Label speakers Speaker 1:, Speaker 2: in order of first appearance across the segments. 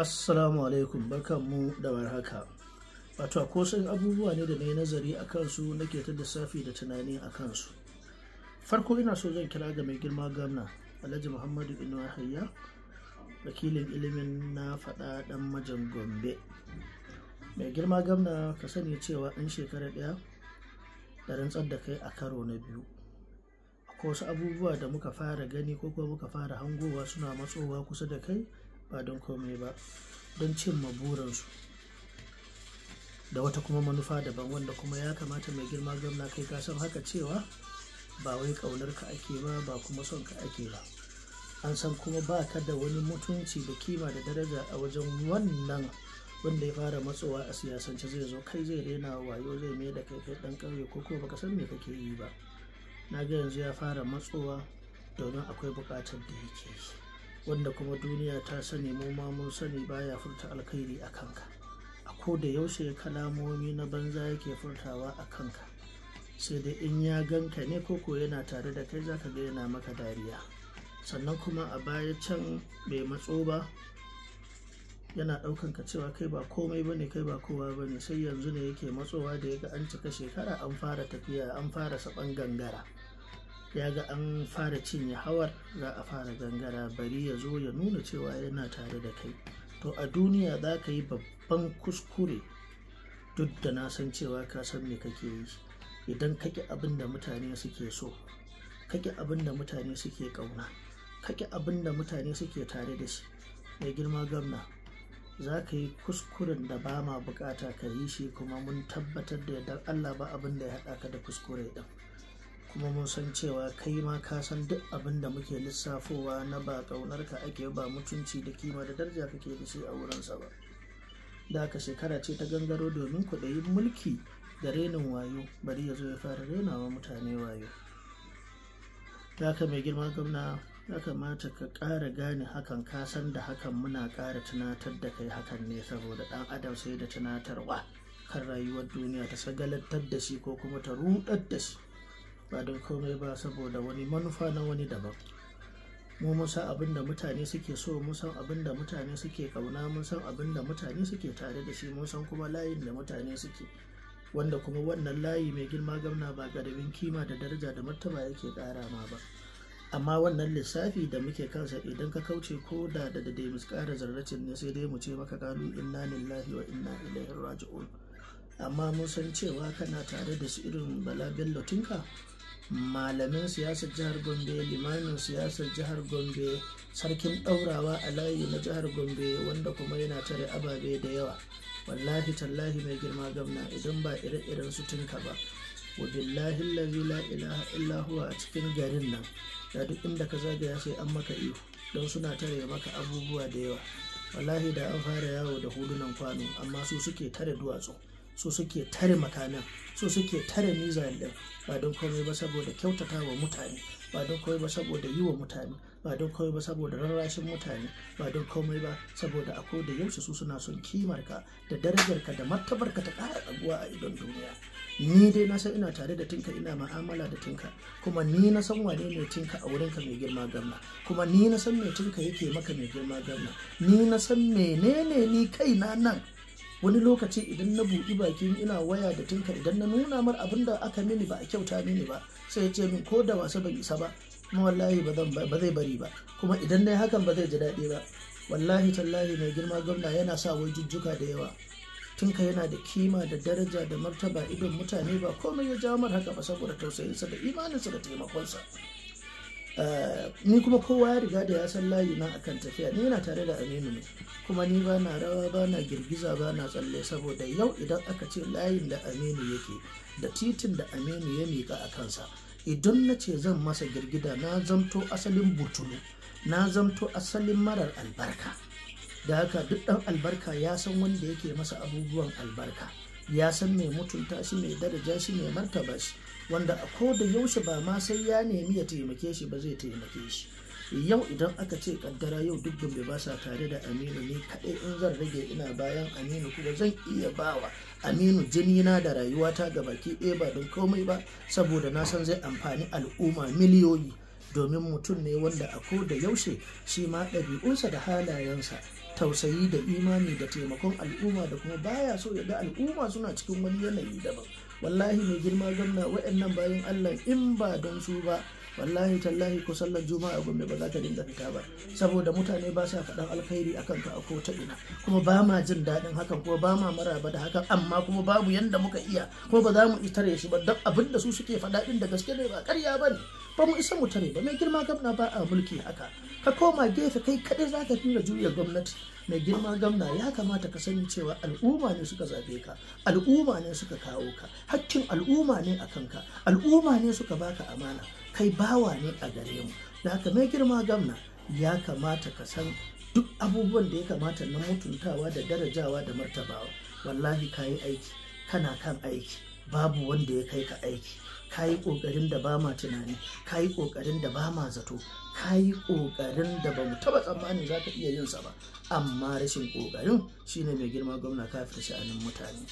Speaker 1: assalamu alaikum barkanmu da haka. wato kosan abubuwa ne da na yi nazari a kansu nake ta lissafi da tunani a kansu farko ina so zan kira ga mai girma gamna alhaji muhammadu ibn wahayya wakilin ilimin na faɗa ɗan majan gombe mai girma gamna ka sani cewa in shekara ɗaya da rantsar da kai a karo na biyu akwai wasu abubuwa da muka fara gani ko kuma muka fara hangowa suna matsowa kusa da kai ba don komai ba don cimma maburansu da wata kuma manufa daban wanda kuma ya kamata mai girma gwamna kai ka san haka cewa ba wai ƙaunarka ka ake ba ba kuma son ka ake ba an san kuma ba ka da wani mutunci da kima da daraja a wajen wannan wanda ya fara matsowa a siyasance zai zo kai zai rena wayo zai mai da kai kai dan ƙauye ko kuma baka san me kake yi ba na ga yanzu ya fara matsowa domin akwai bukatar da yake yi wanda kuma duniya ta sani mu ma mun sani baya furta alkhairi a kanka a ko da yaushe kalamomi na banza yake furtawa a kanka sai dai in ya ganka ne ko koko yana tare da kai zaka ga yana maka dariya sannan kuma a baya can bai matso ba yana ɗaukan ka cewa kai ba komai bane kai ba kowa bane sai yanzu ne yake matsowa da yaga an cika shekara an fara tafiya an fara saban gangara ya ga an fara cinye hawar za a fara gangara bari ya zo ya nuna cewa yana tare da kai to a duniya za ka yi babban kuskure duk da na san cewa ka san me kake yi idan kake abin da mutane suke so kake abin da mutane suke kauna kake abin da mutane suke tare da shi mai girma gamna za ka yi kuskuren da ba ma bukata ka yi shi kuma mun tabbatar da yadda allah ba abin da ya haɗa ka da kuskure ɗin kuma mun san cewa kai ma ka san duk abin da muke lissafowa na ba ƙaunarka ake ba mutunci da kima da daraja kake da shi a wurinsa ba da aka shekara ce ta gangaro domin kuɗayin mulki da renin wayo bari ya zo ya fara renawa mutane wayo da aka mai girma gwamna ya kamata ka ƙara gane hakan ka san da hakan muna ƙara tunatar da kai hakan ne saboda ɗan adam sai da tunatarwa kan rayuwar duniya ta sagalantar da shi ko kuma ta ruɗar da shi ba don komai ba saboda wani manufa na wani daban mu mun san abin da mutane suke so mun san abin da mutane suke kauna mun san abin da mutane suke tare da shi mun san kuma layin da mutane suke wanda kuma wannan layi mai girma gamna ba garamin kima da daraja da martaba yake kara ma ba amma wannan lissafi da muke kansa idan ka kauce ko da da da mu ƙara zarracin ne sai dai mu ce maka kanu inna lillahi wa inna ilaihi raji'un amma mun san cewa kana tare da su irin bala bello malamin siyasar jihar gombe limamin siyasar jihar gombe sarkin daurawa a layi na jihar gombe wanda kuma yana tare ababe da yawa wallahi tallahi mai girma gamna idan ba ire-iren su tinka ba wa billahi lazi la ilaha a cikin garin nan da duk inda ka zagaya sai an maka iyo don suna tare maka abubuwa da yawa wallahi da an fara yawo da hudunan kwano amma su suke tare duwatsu so suke tare makamin so suke tare mizan din ba don komai ba saboda kyautata wa mutane ba don komai ba saboda yi wa mutane ba don komai ba saboda rarrashin mutane ba don komai ba saboda a da yaushe su suna son kimarka da darajarka da ka ta ƙara abuwa a idon duniya ni dai na san ina tare da tinka ina ma'amala da tinka kuma ni na san wane ne tinka a wurin ka mai girma gamma kuma ni na san me tinka yake maka mai girma gamma ni na san menene ni kai na nan wani lokaci idan na buɗi bakin ina waya da tinka idan na nuna mar abin da aka mini ba a kyauta mini ba sai ya ce min ko da wasu ban isa ba kuma wallahi ba zai bari ba kuma idan na hakan ba zai ji daɗi ba wallahi tallahi mai girma gwamna yana sa wai jujjuka da yawa tinka yana da kima da daraja da martaba idon mutane ba komai ya jawo mar haka ba saboda tausayinsa da imaninsa da taimakonsa ni kuma kowa ya riga da ya san layi na akan tafiya ni yana tare da aminu ne kuma ni ba na rawa ba na girgiza ba na tsalle saboda yau idan aka ce layin da aminu yake da titin da aminu ya miƙa a kansa idan na ce zan masa girgida na zamto asalin butulu na zamto asalin marar albarka da haka duk dan albarka ya san wanda yake masa abubuwan albarka ya san mai mutunta shi mai daraja shi mai martaba shi wanda a ko da yaushe ba ma sai ya nemi ya taimake shi ba zai taimake shi yau idan aka ce kaddara yau duk bai ba sa tare da aminu ne kaɗai in zan rage ina bayan aminu kuma zan iya bawa aminu jinina da rayuwata ga baki ɗaya ba don komai ba saboda na san zai amfani al'umma miliyoyi domin mutum ne wanda a ko da yaushe shi ma ɗabi'unsa da halayensa tausayi da imani da taimakon al'umma da kuma baya so ya ga al'umma suna cikin wani yanayi daban wallahi mai girma gwamna waɗannan bayan allah in ba don su ba wallahi tallahi ko sallar juma'a gombe ba za ta dinga fita ba saboda mutane ba sa faɗan alkhairi akan ka a kota ina kuma ba ma jin daɗin hakan kuma ba ma maraba da hakan amma kuma babu yanda muka iya ko ba za mu tare shi ba don abin da su suke faɗa ɗin da gaske ne ba ƙarya ba ne ba mu isa mu tare ba mai girma gamna ba a mulki haka ka koma gefe kai kaɗai za ka dinga juya gwamnati mai girma gamna ya kamata ka sani cewa al'umma ne suka zabe ka al'umma ne suka kawo ka hakkin al'umma ne a kanka al'umma ne suka baka amana kai bawa ne a gare mu da haka mai girma gamna ya kamata ka san duk abubuwan da ya kamata na mutuntawa da darajawa da martabawa wallahi ka yi aiki kana kan aiki babu wanda ya kai ka aiki ka yi ƙoƙarin da ba ma tunani ka yi ƙoƙarin da ba ma zato ka yi ƙoƙarin da ba mu taɓa tsammanin za ka iya yin sa ba amma rashin ƙoƙarin shine mai girma gwamna kafin sha'anin mutane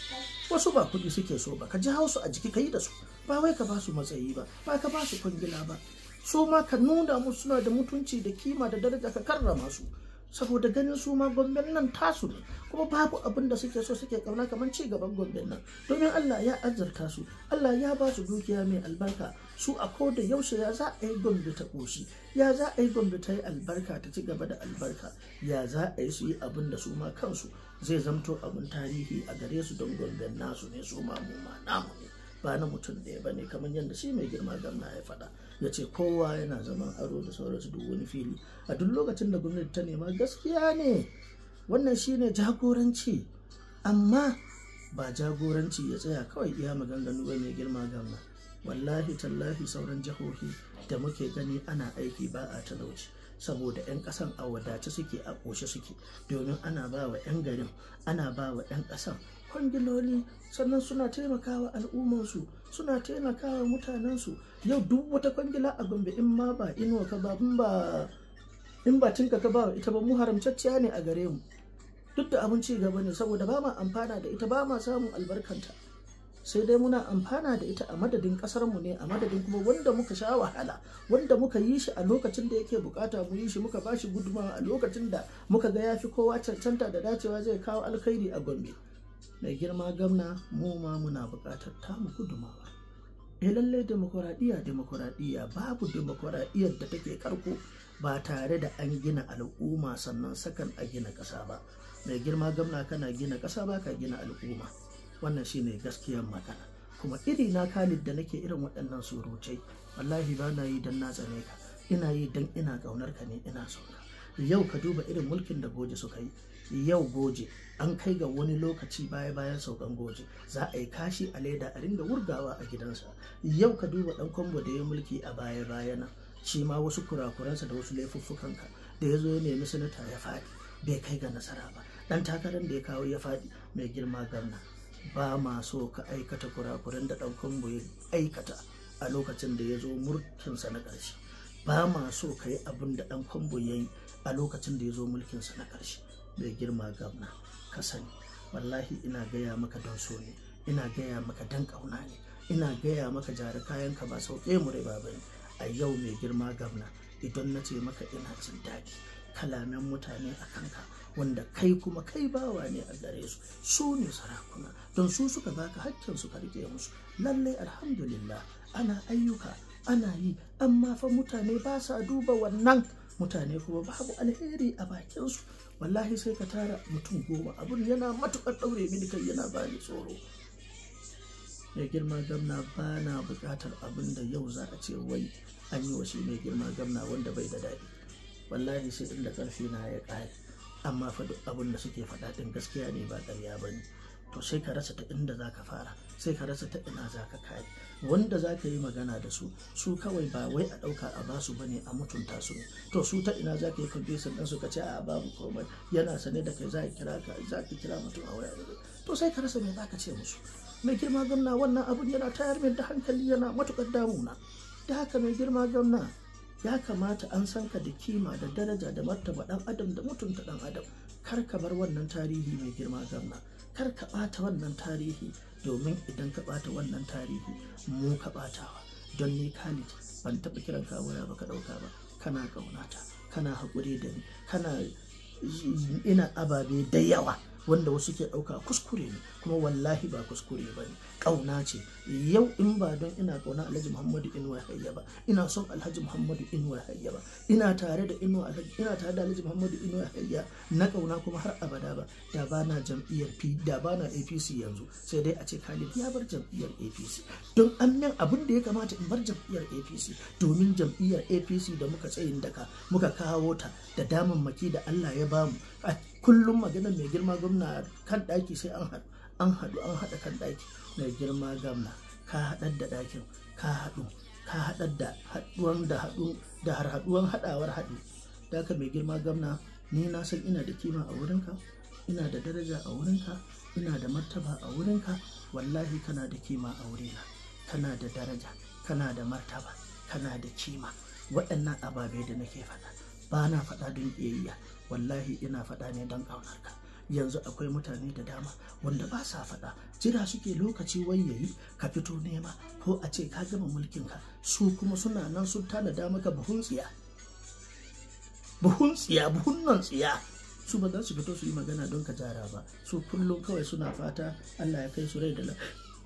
Speaker 1: wasu ba kuɗi suke so ba ka ji hausu a jiki ka yi da su ba wai ka ba su matsayi ba ba ka ba su kwangila ba su ma ka nuna musu suna da mutunci da kima da daraja ka karrama su saboda ganin su ma gomben nan tasu ne kuma babu abin da suke so suke kauna kamar ci gaban gomben nan domin Allah ya azurta su Allah ya ba su dukiya mai albarka su a ko da yaushe ya za a yi gombe ta koshi ya za a yi gombe ta yi albarka ta ci gaba da albarka ya za a yi su yi abin da su ma kansu zai zamto abin tarihi a gare su don gombe nasu ne su ma mu ma namu ne ba na mutum ɗaya ba ne kamar yadda shi mai girma gamna ya faɗa ya ce kowa yana zaman aro da sauransu duk wani fili a duk lokacin da gwamnati ta nema gaskiya ne wannan shi ne jagoranci amma ba jagoranci ya tsaya kawai iya maganganu ba mai girma gamna wallahi tallahi sauran jihohi da muke gani ana aiki ba a talauci saboda 'yan kasan a wadace suke a ƙoshe suke domin ana ba wa 'yan garin ana ba wa 'yan kasan kwangiloli sannan suna taimakawa al'ummarsu suna taimakawa mutanensu yau duk wata kwangila a gombe in ma ba inuwa ka ba ba in ba tinka ka ba ita ba mu haramtacciya ne a gare mu duk da abin gaba ne saboda ba ma amfana da ita ba ma samun albarkanta sai dai muna amfana da ita a madadin kasar mu ne a madadin kuma wanda muka sha wahala wanda muka yi shi a lokacin da yake bukata mu yi shi muka bashi guduma a lokacin da muka ga yafi kowa cancanta da dacewa zai kawo alkhairi a gombe mai girma gamna mu ma muna buƙatar tamu gudumawa eh lallai demokuraɗiyya demokuraɗiyya babu demokuraɗiyyar da take karko ba tare da an gina al'umma sannan sakan a gina ƙasa ba mai girma gamna kana gina ƙasa ba ka gina al'umma wannan shine gaskiyar magana kuma iri na kalid da nake irin waɗannan surutai wallahi ba na yi don na tsane ka ina yi don ina ƙaunar ka ne ina so yau ka duba irin mulkin da goje suka yi yau goje an kai ga wani lokaci baya bayan saukan goje za a yi kashi a leda a ringa wurgawa a gidansa yau ka duba dan kwambo da ya mulki a baya bayana shi ma wasu kurakuransa da wasu laifuffukanka da ya zo ya nemi sanata ya faɗi bai kai ga nasara ba dan takarar da ya kawo ya faɗi mai girma gamna ba ma so ka aikata kurakuran da dan kwambo ya aikata a lokacin da ya zo mulkinsa na ƙarshe ba ma so ka yi abin da ɗan kwambo ya yi a lokacin da ya zo sa na ƙarshe bai girma gamna ka sani wallahi ina gaya maka don so ne ina gaya maka don ƙauna ne ina gaya maka jari kayan ka ba sau ɗaya mu rai ba a yau mai girma gamna idan na ce maka ina jin daɗi kalamen mutane a kanka wanda kai kuma kai bawa ne a gare su su ne sarakuna don su suka baka hakkin su ka rike musu lallai alhamdulillah ana ayyuka ana yi amma fa mutane ba sa duba wannan mutane kuma babu alheri a bakin su wallahi sai ka tara mutum goma abin yana matukar ɗaure mini kai yana ni tsoro mai girma gamna ba na buƙatar abin da yau za a ce wai an yi wa mai girma gamna wanda bai da daɗi wallahi sai inda ƙarfi na ya ƙare amma fa abin da suke faɗaɗin gaskiya ne ba ƙarya ba ne to sai ka rasa ta inda za ka fara sai ka rasa ta ina za ka kai, wanda za ka yi magana da su su kawai ba wai a ɗauka a basu ba ne a mutunta su to su ta ina za ka yi kwamfesin ɗansu ka ce a babu komai yana sane da kai za ka kira ka za ka kira mutum a waya to sai ka rasa me za ka ce musu mai girma gwamna wannan abun yana tayar min da hankali yana matuƙar damuna da haka mai girma gwamna ya kamata an san ka da kima da daraja da martaba ɗan adam da mutunta ɗan adam kar ka bar wannan tarihi mai girma gwamna kar ka bata wannan tarihi domin idan ka bata wannan tarihi mu ka ɓatawa don ni Khalid ban taɓa kiran ka waya ba ka ɗauka ba kana kaunata kana hakuri da ni kana ina ababe da yawa wanda wasu ke ɗauka kuskure ne kuma wallahi ba kuskure ba ne ƙauna ce yau in ba don ina ƙauna alhaji muhammadu inuwa hayya ba ina son alhaji muhammadu inuwa hayya ba ina tare da inuwa ina tare da alhaji muhammadu inuwa hayya na ƙauna kuma har abada ba da ba na jam'iyyar p da ba na apc yanzu sai dai a ce khalid ya bar jam'iyyar apc don an nan abin da ya kamata in bar jam'iyyar apc domin jam'iyyar apc da muka tsayin daka muka kawo ta da damammaki da allah ya bamu kullum magana mai girma gwamna kan ɗaki sai an haɗu an haɗu an haɗa kan ɗaki mai girma gwamna ka haɗar da ɗakin ka haɗu ka haɗar da haɗuwan da haɗu da har haɗuwan haɗawar haɗu da ka mai girma gwamna ni na san ina da kima a wurinka ina da daraja a wurinka ina da martaba a wurinka wallahi kana da kima a wurina kana da daraja kana da martaba kana da kima waɗannan ababe da nake faɗa ba na faɗa don ƙiyayya wallahi ina faɗa ne don ƙaunarka yanzu akwai mutane da dama wanda ba sa faɗa jira suke lokaci wai yayi ka fito nema ko a ce ka gama mulkin ka su kuma suna nan sun tanada maka buhun tsiya buhun tsiya buhun nan tsiya su ba za su fito su yi magana don ka jara ba su kullum kawai suna fata Allah ya kai su rai da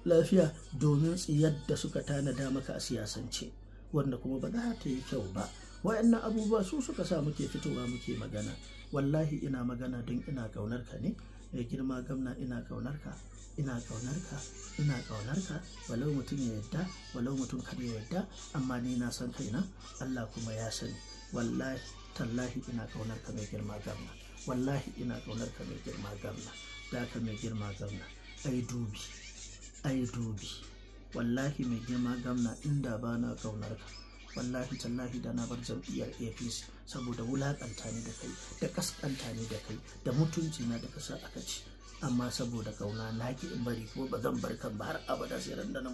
Speaker 1: lafiya domin tsiyar da suka tanada maka a siyasance wanda kuma ba za ta yi kyau ba wayannan abubuwa su suka sa muke fitowa muke magana wallahi ina magana don ina kaunar ka ne mai girma gamna ina kaunar ka ina kaunar ka ina kaunar ka walau mutum ya yadda walau mutum kan ya yadda amma ni na san kaina Allah kuma ya sani wallahi tallahi ina kaunar ka mai girma gamna wallahi ina kaunar ka mai girma gamna da ka mai girma gamna ai dubi ai dubi wallahi mai girma gamna inda ba na kaunar ka wallahi tallahi da na bar jam'iyyar apc saboda wulakanta ne da kai da kaskanta ne da kai da mutunci na da kasa aka ci amma saboda kauna na ki in bari ko ba zan bar kan ba har abada sai ran da na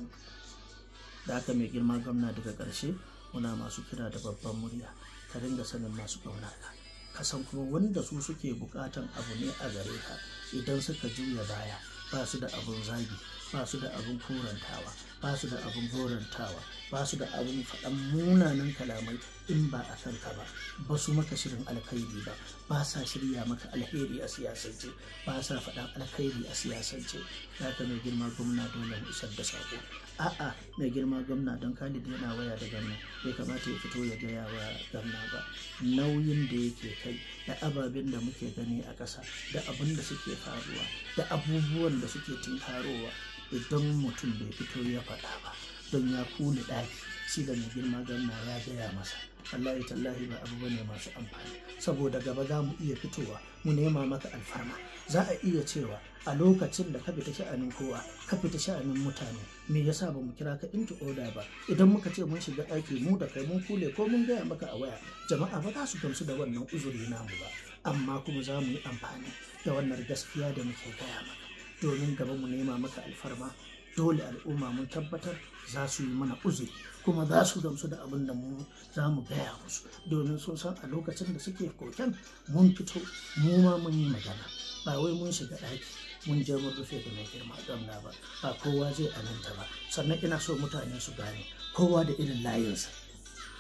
Speaker 1: da aka mai girma gwamna daga ƙarshe muna masu kira da babban murya ka dinga sanin masu ƙauna ka ka san kuma wanda su suke buƙatan abu ne a gare ka idan suka juya baya ba su da abun zagi ba su da abin korantawa ba su da abin horantawa ba su da abin faɗan munanan kalamai in ba a kanka ba ba su maka shirin alkhairi ba ba sa shirya maka alheri a siyasance ba sa faɗan alkhairi a siyasance za ka mai girma gwamna dole mu isar da sako a'a mai girma gwamna don khalid yana waya da gwamna bai kamata ya fito ya gaya wa gwamna ba nauyin da yake kai da ababen da muke gani a ƙasa da abin da suke faruwa da abubuwan da suke tinkarowa idan mutum bai fito ya faɗa ba don ya kuli ɗaki shi da mai girma ganna ya gaya masa wallahi tallahi ba abu bane masu amfani saboda gaba za mu iya fitowa mu nema maka alfarma za a iya cewa a lokacin da ka fita sha'anin kowa ka fita sha'anin mutane me yasa ba mu kira ka into order ba idan muka ce mun shiga ɗaki mu da kai mun kule ko mun gaya maka a waya jama'a ba za su gamsu da wannan uzuri namu ba amma kuma za mu yi amfani da wannan gaskiya da muke gaya maka domin gaba mu nema maka alfarma dole al'umma mun tabbatar za su yi mana uzuri kuma za su gamsu da abin da mu za mu gaya musu domin sun san a lokacin da suke koken mun fito mu ma mun yi magana ba wai mun shiga ɗaki mun je mun rufe da mai girma gamna ba ba kowa zai aminta ba sannan ina so mutane su gane kowa da irin layinsa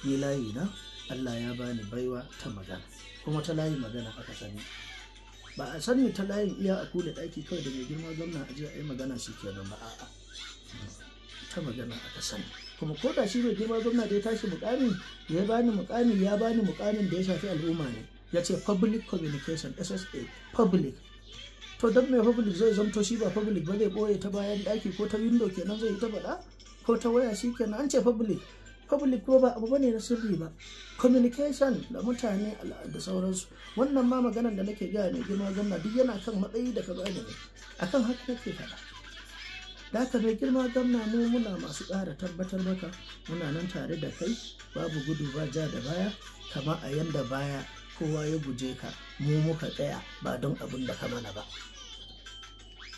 Speaker 1: ni layi na Allah ya bani baiwa ta magana kuma ta layi magana aka sani ba a sani ta layin iya a kula ɗaki kawai da mai girma gwamna a jiya a yi magana shi ke nan ba a'a ta magana aka sani kuma ko da shi mai girma gwamna da ya tashi mukamin ya bani mukami ya bani mukamin da ya shafi al'umma ne ya ce public communication ssa public to don mai public zai zamto shi ba public ba zai ɓoye ta bayan ɗaki ko ta window kenan zai yi ta faɗa ko ta waya shi kenan an ce public public kuma ba abu bane na sirri ba communication da mutane da sauransu wannan ma maganar da nake gaya mai girma ganna duk yana kan matsayi da ka bani ne akan haka nake faɗa da ka mai girma ganna mu muna masu ƙara tabbatar maka muna nan tare da kai babu gudu ba ja da baya kama a yanda baya kowa ya guje ka mu muka tsaya ba don abin da ka mana ba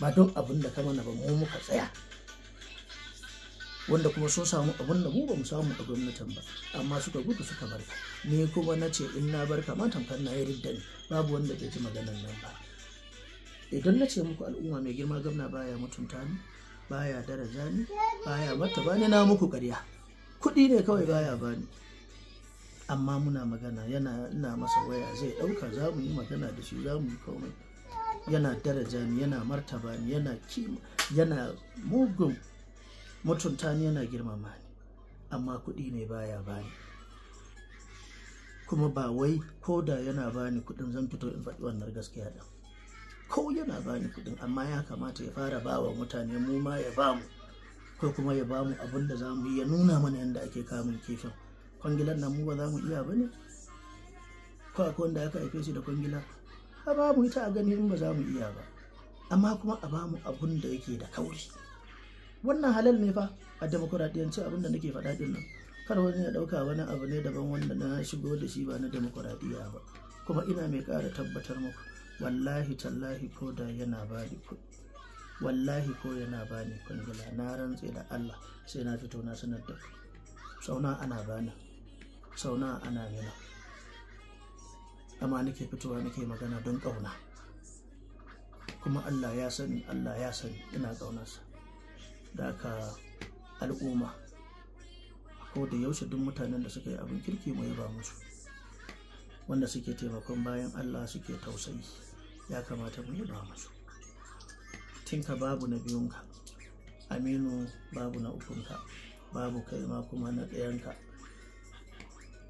Speaker 1: ba don abin da ka mana ba mu muka tsaya wanda kuma sun samu abin da mu ba mu samu a gwamnatin ba amma suka gudu suka bar ni kuma na ce in na bar kama tamkar na yi ridda babu wanda zai ji maganar nan ba idan na ce muku al'umma mai girma gwamna baya mutunta ni baya daraja ni baya martaba ni na muku ƙarya kuɗi ne kawai baya bani amma muna magana yana ina masa waya zai ɗauka za mu yi magana da shi za mu yi komai yana daraja ni yana martaba ni yana kima yana mugun mutunta ni yana girmama ni amma kuɗi ne baya bani kuma ba wai ko da yana bani kuɗin zan fito in faɗi wannan gaskiya ɗin ko yana bani kuɗin amma ya kamata ya fara ba wa mutane mu ma ya ba mu ko kuma ya ba mu abin da za mu yi ya nuna mana yadda ake kamun kifin kwangilan nan mu ba za mu iya ba ne ko akwai wanda aka haife shi da kwangila a ba mu ita a gani in ba za mu iya ba amma kuma a ba mu abin da yake da kauri wannan halal ne fa a demokuraɗiyance abinda nake faɗa din nan kar wani ya ɗauka wani abu ne daban wanda na shigo da shi ba na demokuraɗiyya ba kuma ina mai ƙara tabbatar muku wallahi tallahi ko da yana ba ni kuɗi wallahi ko yana ba ni kungula na rantse da Allah sai na fito na sanar da ku sauna ana bani sauna ana nuna amma nake fitowa nake magana don ƙauna kuma Allah ya sani Allah ya sani ina ƙaunarsa da ka al'umma ko da yaushe duk mutanen da suka yi abin kirki mu ba musu wanda suke taimakon bayan Allah suke tausayi ya kamata mu yaba musu tinka babu na biyunka aminu babu na ukunka babu kai ma kuma na ɗayanka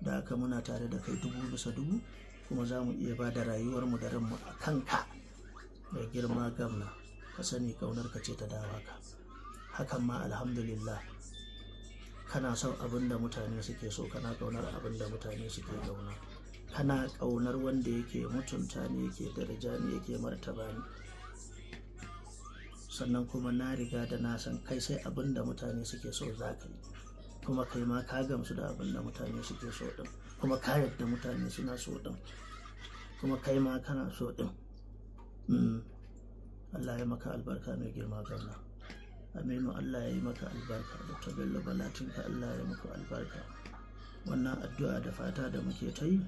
Speaker 1: da aka muna tare da kai dubu bisa dubu kuma za mu iya ba da rayuwarmu da ranmu a kanka mai girma gamna ka sani ƙaunarka ce ta dawa ka hakan ma alhamdulillah kana son abin da mutane suke so kana ƙaunar abin da mutane suke ƙauna kana ƙaunar wanda yake mutunta ne yake daraja ne yake martaba ne sannan kuma na riga da na san kai sai abin da mutane suke so za ka yi kuma kai ma ka gamsu da abin da mutane suke so din kuma ka yadda mutane suna so din kuma kai ma kana so din hmm. Allah ya maka albarka mai girma gauna. aminu Allah ya yi maka albarka da bello balatinka Allah ya muku albarka wannan addu'a da fata da muke ta yi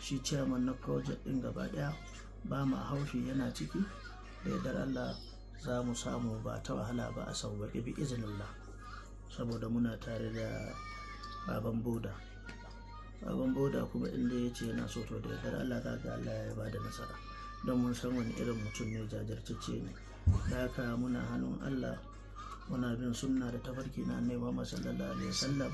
Speaker 1: shi chairman na project ɗin gaba ɗaya ba ma haushi yana ciki da Allah za mu samu ba ta wahala ba a sauwaƙe bi izinillah saboda muna tare da baban boda baban boda kuma inda yace yana so to da yardar Allah za ga Allah ya ba da nasara don mun san wani irin mutum ne jajirtacce ne da haka muna hannun Allah muna bin sunna da tafarki na annabi Muhammad sallallahu alaihi wasallam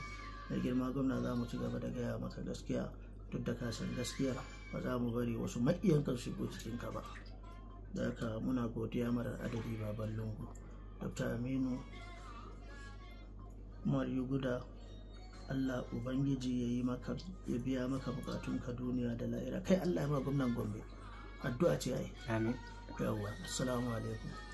Speaker 1: da girma gwamna za mu ci gaba da gaya maka gaskiya duk da kasan gaskiya ba za mu bari wasu maiyan su shigo cikin ka ba da haka muna godiya marar adadi baban lungu ta aminu umar guda allah ubangiji ya yi maka ya biya maka ka duniya da la'ira kai allah ya ma gwamnan gombe addu'a ce ai amin yawwa assalamu alaikum